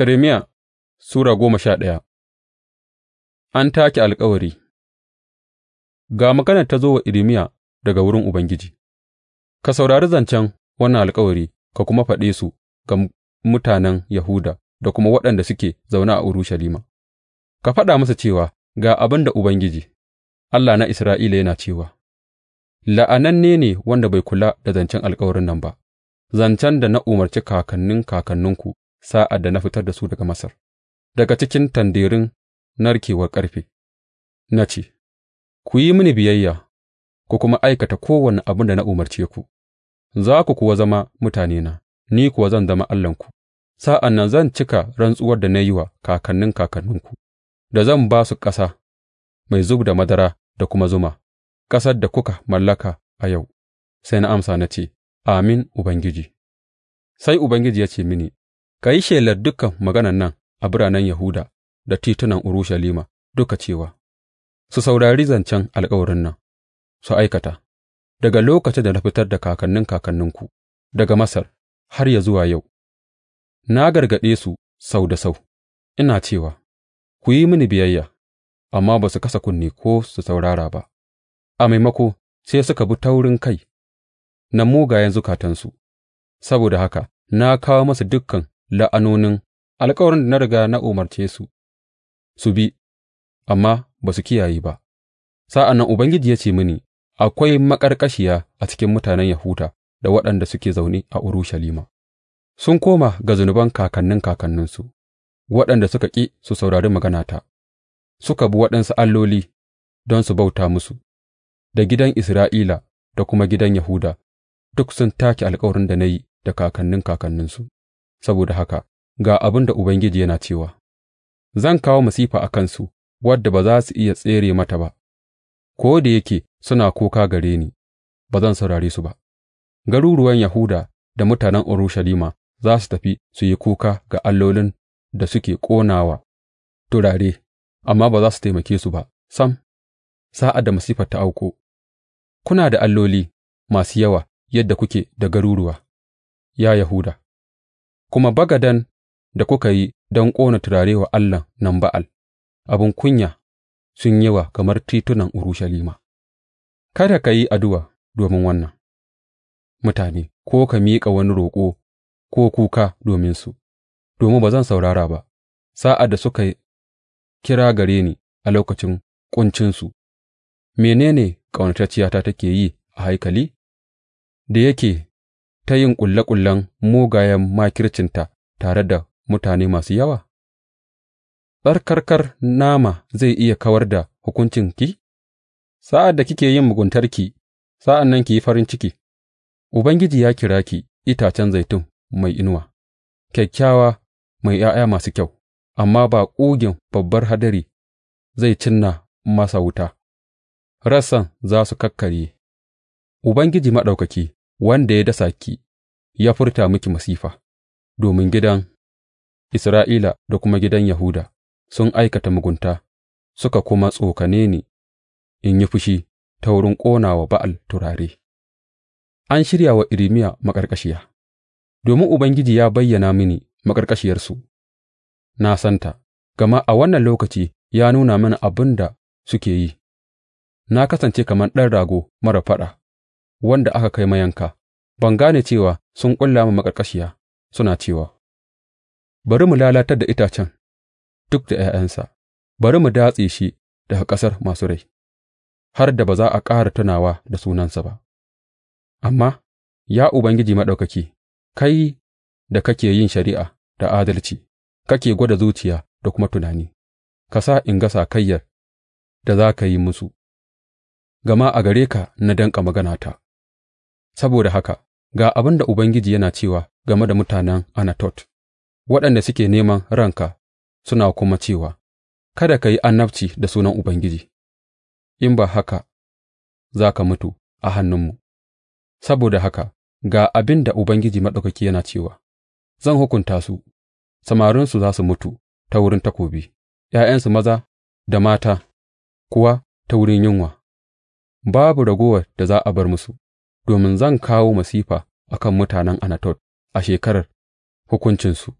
Irmiya Sura goma sha ɗaya An take alƙawari. Ga maganar ta zo wa Irmiya daga wurin Ubangiji, Ka saurari zancen wannan alƙawari ka kuma faɗe su ga mutanen Yahuda da kuma waɗanda suke zaune a Urushalima, ka faɗa masa cewa ga abin da Ubangiji, Allah na Isra'ila yana cewa, La'ananne ne wanda bai kula da zancen alkawarin nan ba, zancen da na umarci kakannin kakanninku sa'ad da na fitar da su daga Masar, daga cikin tandirin narkewar ƙarfe, na ce, Ku yi mini biyayya, ku kuma aikata kowane abin da na umarce ku, za ku kuwa zama mutanena, ni kuwa zan zama Allahnku, sa'an nan zan cika rantsuwar da na yi wa kakannin kakanninku, da zan ba su ƙasa mai zub da madara da kuma zuma, ƙasar da kuka mallaka a yau. Sai na amsa na ce, Amin, Ubangiji. Sai Ubangiji ya ce mini, Ka yi shelar dukan maganan nan a biranen Yahuda da titunan Urushalima duka cewa, Su saurari zancen alkawarin nan, su aikata, daga lokacin da na fitar da kakannin kakanninku daga Masar har ya zuwa yau, na gargaɗe su sau da sau, ina cewa, Ku yi mini biyayya, amma ba su kasa kunne ko su saurara ba, a maimako sai suka bi taurin kai na mugayen zukatansu, saboda haka na kawo masu dukan la'anonin alkawarin da na riga na umarce su su bi, amma ba su kiyaye ba. Sa'an nan Ubangiji ya ce mini, Akwai maƙarƙashiya a cikin mutanen Yahuda da waɗanda suke zaune a Urushalima, sun koma ga zunuban kakannin kakanninsu, waɗanda suka ƙi su saurari maganata, suka bi waɗansu alloli don su bauta musu, da gidan Isra'ila da kuma gidan Yahuda duk sun take alkawarin da na yi da kakannin kakanninsu. Saboda haka ga abin da Ubangiji yana cewa, Zan kawo masifa a kansu wadda ba za su iya tsere mata ba, ko da yake suna kuka gare ni, ba zan saurare su ba. Garuruwan Yahuda da mutanen Urushalima za su tafi su yi kuka ga allolin da suke ƙonawa turare, amma ba za su taimake su ba sam, sa'ad da masifar ta auko. Kuna da alloli masu yawa yadda kuke da garuruwa, ya Yahuda. kuma bagaden da kuka yi don ƙona turare wa Allah nan Ba'al abin kunya sun yawa kamar titunan Urushalima. Kada ka yi addu'a domin wannan mutane ko ka miƙa wani roƙo ko kuka dominsu, domin ba zan saurara ba, sa'ad da suka kira gare ni a lokacin ƙuncinsu, Menene ƙaunatacciyata take yi a haikali, da yake ta yin ƙulle ƙullen mugayen makircinta tare da mutane masu yawa? Tsarkakar nama zai iya kawar da hukuncinki? Sa'ad da kike yin muguntarki, sa'an nan ki yi farin ciki, Ubangiji ya kira ki itacen zaitun mai inuwa, kyakkyawa mai ’ya'ya masu kyau, amma ba ƙugin babbar hadari zai cinna masa wuta, rassan za su kakkarye. Ubangiji Maɗaukaki wanda ya dasa ki ya furta miki masifa, domin gidan Isra'ila da kuma gidan Yahuda sun aikata mugunta suka kuma tsokane ni in yi fushi ta wurin ƙona wa Ba'al turare. An shirya wa Irimiya maƙarƙashiya Domin Ubangiji ya bayyana mini maƙarƙashiyarsu, na santa, gama a wannan lokaci ya nuna mini abin da suke yi, na kasance kamar ɗan rago mara faɗa. wanda aka kai mayanka, ban gane cewa sun ƙulla mu maƙarƙashiya suna cewa, Bari mu lalatar da itacen duk da ’ya'yansa, bari mu datse shi daga ƙasar masu rai, har da ba za a ƙara tunawa da sunansa ba. Amma, ya Ubangiji Maɗaukaki, kai da kake yin shari'a da adalci, kake gwada zuciya da kuma tunani, ka sa in ga sakayyar da za ka yi musu, gama a gare ka na danƙa maganata. Saboda haka, ga abin da Ubangiji yana cewa game da mutanen Anatot, waɗanda suke neman ranka suna kuma cewa, Kada ka yi annabci da sunan Ubangiji, in ba haka za ka mutu a hannunmu. Saboda haka, ga abin da Ubangiji Maɗaukaki yana cewa, Zan hukunta su, samarinsu za su mutu ta wurin takobi, ’ya'yansu maza da mata kuwa ta wurin yunwa, babu ragowar da za a bar musu. domin zan kawo masifa a kan mutanen Anatot a shekarar hukuncinsu,